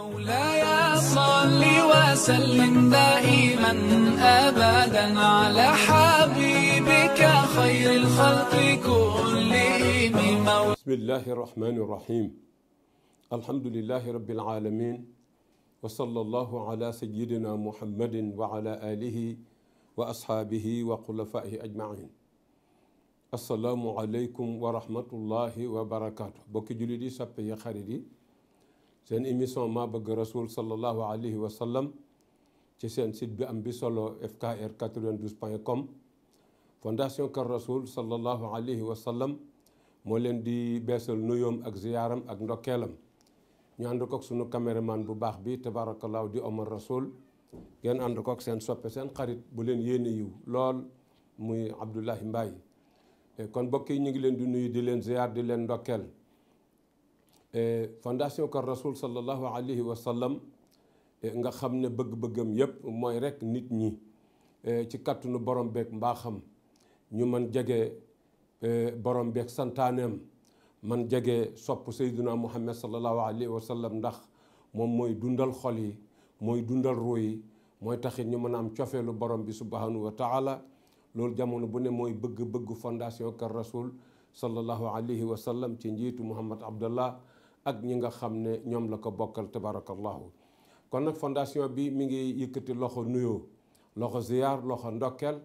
مولاي صل وسلم دائما ابدا على حبيبك خير الخلق كلهم بسم الله الرحمن الرحيم الحمد لله رب العالمين وصلى الله على سيدنا محمد وعلى اله واصحابه وخلفائه اجمعين السلام عليكم ورحمه الله وبركاته بك جلدي سبي خريدي seen émission maa bëgg rasul sallallahu alayhi wa sallam ci seen sit bi am bi solo fkr 92 point com fondation Kër Rasul sallallahu alayhi wa sallam moo leen di beesal nuyoom ak ziyaaram ak ndokkeelam ñu ànd kook sunu caméraman bu baax bi tabaarakallaahu di Omar Rasul ngeen ànd kook seen soppe seen xarit bu leen yéene yiw lool muy Abdoulahi Mbaye kon mbokk yi ñu ngi leen di nuyu di leen ziyaar di leen ndokkeel Eh, fondation Kër Rasoul sallallahu alayhi wa sallam eh, nga xam ne bëgg-bëggam yëpp mooy rek nit ñi eh, ci kattanu borom beeg mbaaxam ñu man jege borom beeg santaaneem man jege sopp sayduna muhammad sallallahu alayhi wa sallam ndax moom mooy dundal xol yi mooy dundal ruu yi mooy taxit ñu mën a am cofeelu borom bi subhanahu wa taala loolu jamono bu ne mooy bëgg-bëggu fondation Kër Rasoul sallallahu alayhi wa sallam ci njiitu muhammad abdallah ak ñi nga xam ne ñoom la ko bokkal tabarakallahu kon nag fondation bi mu ngi yëkkati loxo nuyoo loxo ziyaar loxo ndokkeel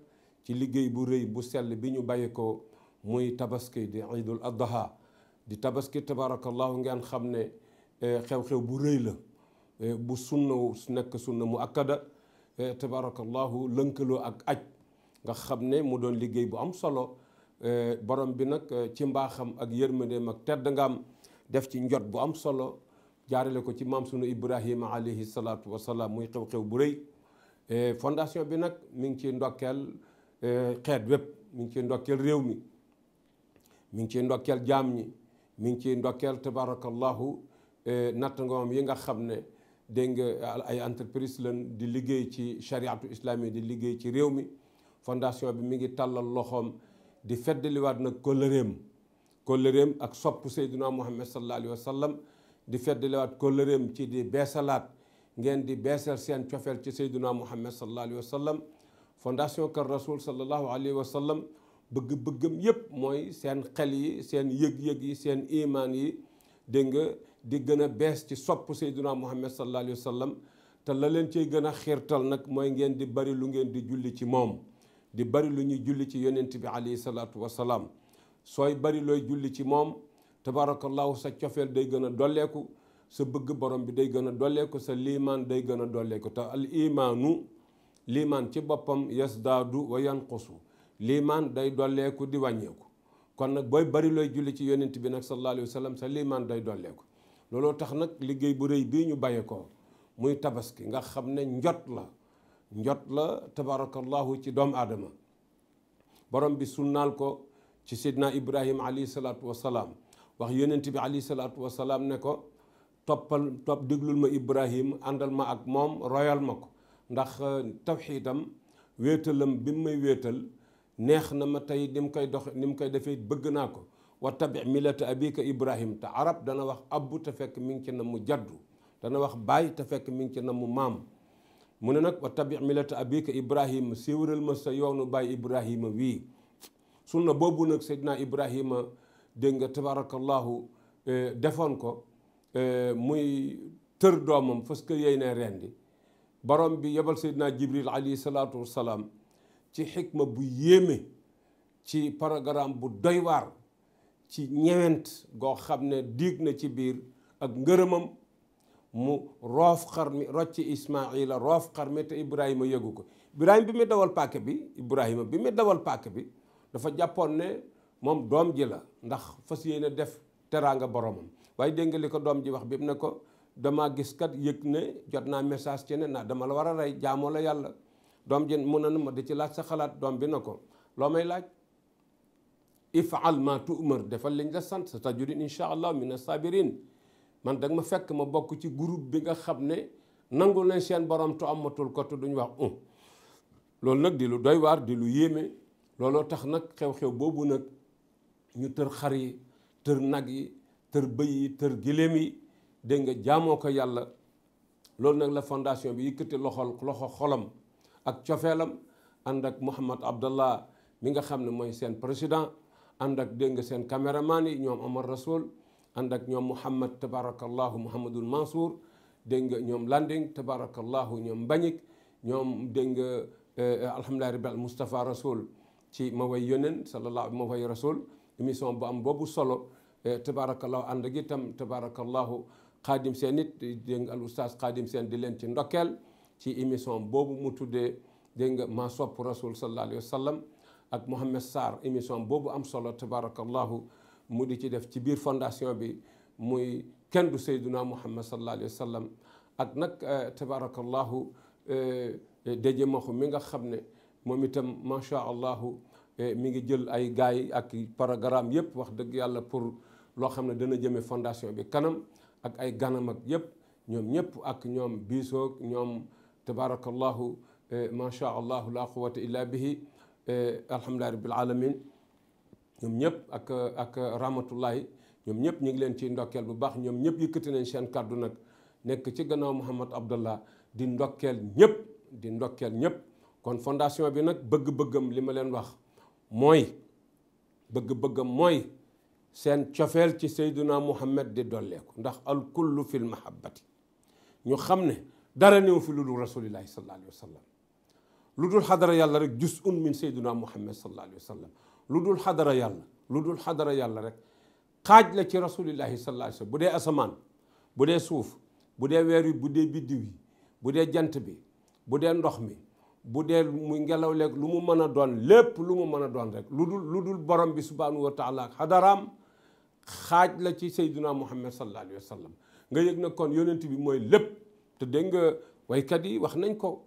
ci liggéey bu rëy bu sell bi ñu bàyyi ko muy tabaski di idul adha di tabaski tabarakallahu ngeen xam ne eh, xew-xew bu rëy la eh, bu sunna nekk sunna mu akkada eh, tabarakallahu lënkaloo ak aj nga xam ne mu doon liggéey bu am solo borom bi nag ci mbaaxam ak yërmandeem ak tedd nga am def ci njot bu am solo jaarale ko ci maam sunu Ibrahima alayhi salaatu wa salaam muy xew-xew bu rëy e, fondation bi nag mi ngi ciy ndokkeel e, xeet wépp mu ngi ci ndokkeel réew mi mu ngi ciy ndokkeel jaam ñi mi ngi ciy ndokkeel tabarakallahu e, natt ngoom yi nga xam ne dégg nga ay entreprise lan di liggéey ci chariatu islami di liggéey ci réew mi fondation bi mi ngi tàllal loxoom di feddaliwaat nag kóllëreem kóllëreem ak sopp sayduna muhammad sallallahu alayhi wa sallam di feddaliwaat kóllëreem ci di beesalaat ngeen di beesal seen cofeel ci sayduna muhammad sallallahu alayhi wa sallam fondation Kër Rasoul sallallahu wa sallam bëgg-bëggam yépp mooy seen xel yi seen yëg-yëg yi seen imaan yi dégg nga di gën a bees ci sopp sayduna muhammad sallallahu alayhi wa sallam te la leen ciy gën a xiirtal nag mooy ngeen di bari lu ngeen di julli ci moom di bari lu ñuy julli ci yonent bi alayhi salaatu wa salaam sooy bari looy julli ci moom tabarakallahu sa cofeel day gën a dolleeku sa bëgg borom bi day gën a dolleeku sa liimaan day gën a dolleeku te al imaanu liimaan ci boppam yasdaadu wa yanqusu liimaan day dolleeku di wàññeeku kon nag booy bari looy julli ci yonent bi nag sallallahu alayhi sa liimaan day dolleeku looloo tax nag liggéey bu rëy bii ñu bàyyi ko muy tabaski nga xam ne njot la njot la tabarakallahu ci doomu aadama borom bi sunnaal ko ci sidna ibrahim alayhi salaatu salaam wax yonent bi alayhi salaatu salaam ne ko toppal topp déglul ma ibrahim àndal ma ak moom royal ma ko ndax euh, tawxiidam wéetalam bi mu may wéetal neex na ma tey ni mu koy dox ni mu koy defee bëgg naa ko wa tabi millata abika ibrahim te arab dana wax abbu te fekk mi na mu jaddu dana wax baay te fekk mi ngi na mu maam mu ne nag wa tabi millata abika ibrahim siiwural ma sa yoonu baay ibrahima wii sunna boobu nag Seydina Ibrahima dégg nga tabarakallahu eh, defoon ko eh, muy tër doomam parce que yey ne rendi borom bi yebal Seydina Jibril alayhi salaatu wassalaam ci xikma bu yéeme ci programme bu doy waar ci ñewent goo xam ne diig na ci biir ak ngërëmam mu roof xar mi rocc Ismaila roof xar mi te Ibrahima yëgu ko Ibrahima bi muy dawal paaka bi Ibrahima bi mu dawal paaka bi dafa jàppoon ne moom doom ji la ndax fas yéene def teraanga boromam waaye dégg li ko doom ji wax bi mu ne ko dama gis kat yëg ne jot naa message ci ne naa dama la war a rey jaamoo la yàlla doom ji mu ne ma di ci laaj sa xalaat doom bi na ko loo may laaj ifal ma tu'mar defal liñ la sant sa tajudin insha allah mina sabirin man dag ma fekk ma bokk ci groupe bi nga xam ne nangul nañ seen borom tu amatul ko te duñ wax loolu nag di lu doy looloo tax nag xew-xew boobu nag ñu tër xar yi tër nag yi tër bëy yi tër giléem yi dégg nga jaamoo ko yàlla loolu nag la fondation bi yëkkati loxol loxo xolam ak cofeelam ànd ak Mouhamad Abdallah mi nga xam ne mooy seen président ànd ak dégg nga seen caméraman yi ñoom Omar Rasoul ànd ak ñoom Mouhamad tabarakallahu Mouhamadul Mansour dégg nga ñoom Landing tabarakallahu ñoom Mbagnick ñoom dégg nga eh, eh, alhamdulilah rabbil Moustapha Rasoul ci ma way yoneen sallallahu ma way rasul émission bu am boobu solo eh, tabaarakallahu ànd ak itam tabaarakallahu xaadim seen it dégg nga al oustaz xaadim seen di leen ci ndokkeel ci émission boobu mu tuddee dégg ma maa sopp rasul sallallahu ak Mohamed Sarr émission boobu am solo tabaarakallahu mu di ci def ci biir fondation bi muy kenn du Seydina Muhammad sallallahu alayhi wa ak nag eh, tabaarakallahu eh, dajee maxu mi nga xam ne moom itam macha allah eh, mi ngi jël ay gaay ak programme yëpp wax dëgg yàlla pour loo xam ne dana jëme fondation bi kanam ak ay ganam ak yëpp ñoom ñëpp ak ñoom biisoog ñoom tabaarakallahu eh, macha allah la quwata illa bihi eh, alhamdulilah rabbil alamin ñoom ñëpp ak ak rahmatullahi ñoom ñëpp ñu ngi leen ci ndokkeel bu baax ñoom ñëpp yëkkati nañ seen kàddu nag nekk ci gannaaw Mouhamed Abdallah di ndokkeel ñëpp di ndokkeel ñëpp kon fondation bi nag bëgg-bëggam li ma leen wax mooy bëgg-bëggam mooy seen cofeel ci seyduna muhammad di dolleeku ndax al kullu fil mahabbati ñu xam ne dara néew fi lu dul rasulillahi sallallahu alayhi wa lu dul xadara yàlla rek jus un min seyduna muhammad sallallahu lu dul xadara yàlla lu dul xadara yàlla rek xaaj la ci rasulillahi sallallahu alayhi bu dee asamaan bu dee suuf bu dee weer wi bu dee biddiw yi bu dee jant bi bu dee ndox mi bu dee muy ngelaw leeg lu mu mën a doon lépp lu mu mën a doon rek lu dul lu dul borom bi subhanahu wa taala ak xaaj la ci sayduna muhammad sallallahu alayhi wa sallam nga yëg na kon yonent bi mooy lépp te dégg nga waykat yi wax nañ ko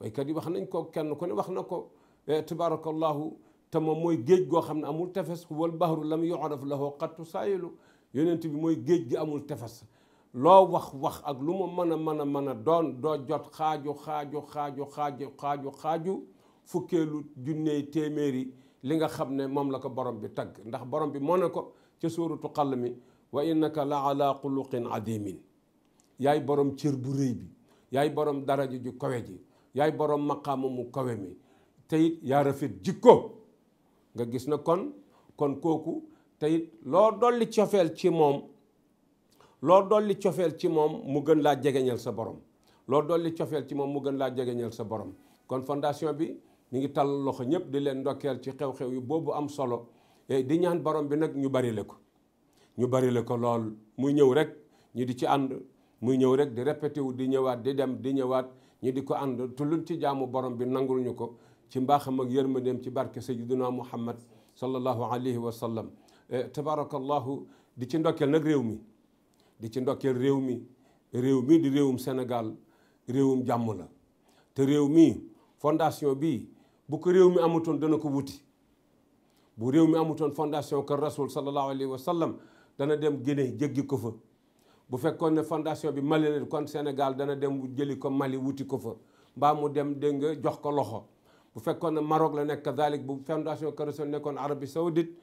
waykat yi wax nañ ko kenn ku ne wax na ko e, tabarakallahu te moom mooy géej goo xam ne amul tefes wal bahru lam yu'raf lahu qattu saayilu yonent bi mooy géej gi amul tefes loo wax wax ak lu mu mën a mën a mën a doon doo jot xaaju xaaju xaaju xaaju xaaju xaaju fukkeelu junney téeméeri li nga xam ne moom la ko borom bi tagg ndax borom bi moo ne ko ca suuratu xal mi wa innaka la ala xuluqin adimin yaay borom cër bu rëy bi yaay borom daraja ju kawe ji yaay borom maqaama mu kawe mi te it yaa rafet jikko nga gis na kon kon kooku te loo dolli cofeel ci moom lool dolli cofeel ci moom mu gën laa jegeñal sa borom lool dolli cofeel ci moom mu gën laa jegeñal sa borom kon fondation bi mi ngi tal loxo ñëpp di leen ndokkeel ci xew-xew yu boobu am solo eh, di ñaan borom bi nag ñu bari le ko ñu bari le ko lool muy ñëw rek ñu di ci ànd muy ñëw rek di répété wu di ñëwaat di dem di ñëwaat ñu di ko ànd tulluñ ci jaamu borom bi nangul ñu ko ci mbaaxam ak yërmandeem ci barke sayyiduna muhammad sallallahu alayhi wa sallam eh, tabarakallahu di ci ndokkeel nag réew mi di ci ndokkeel réew mi réew mi di réewum Sénégal réewum jàmm la te réew mii fondation bi bu ko réew mi amutoon dana ko wuti bu réew mi amutoon fondation kër rasul sallallahu alayhi wa dana dem Guinée jéggi ko fa bu fekkoon ne fondation bi Mali la kon Sénégal dana dem jëli ko Mali wuti ko fa mbaa mu dem dégg nga jox ko loxo bu fekkoon ne Maroc la nekk kadalik bu fondation kër rasul nekkoon Arabie Saoudite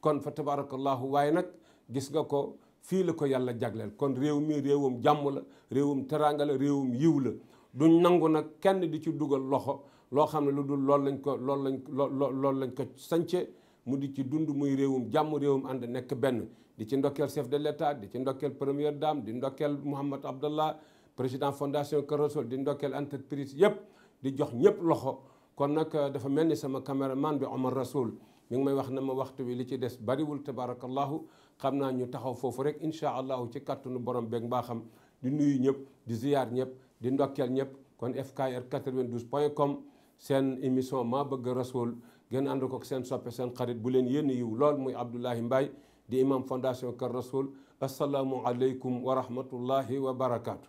kon fa tabarakallahu waaye nag gis nga ko fii la ko yàlla jagleel kon réew mii réewum jàmm la réewum teraanga la réewum yiw la duñ nangu nag kenn di ci dugal loxo loo xam ne lu dul lool lañ ko loolu lañ loolu lañ ko sance mu di ci dund muy réewum jàmm réewum ànd nekk benn di ci ndokkeel chef de l'état di ci ndokkeel première daam di ndokkeel Mouhamed Abdallah président fondation Kër Rassoul di ndokkeel entreprise yëpp di jox ñëpp loxo kon nag dafa mel ni sama caméraman bi Omar Rassoul mi ngi may wax na ma waxtu bi li ci des bariwul tabarakallahu xam naa ñu taxaw foofu rek incha allahu ci kàttanu borom beeg mbaaxam di nuyu ñëpp di ziyaar ñëpp di ndokkeel ñëpp kon fkr 92 point com seen émission ma bëgg rasool ngeen ànd ko seen soppe seen xarit bu leen yénn yiw lool muy Abdoulahi Mbaye di imam fondation Kër Rasoul asalaamualeykum wa rahmatullahi wa barakaatu.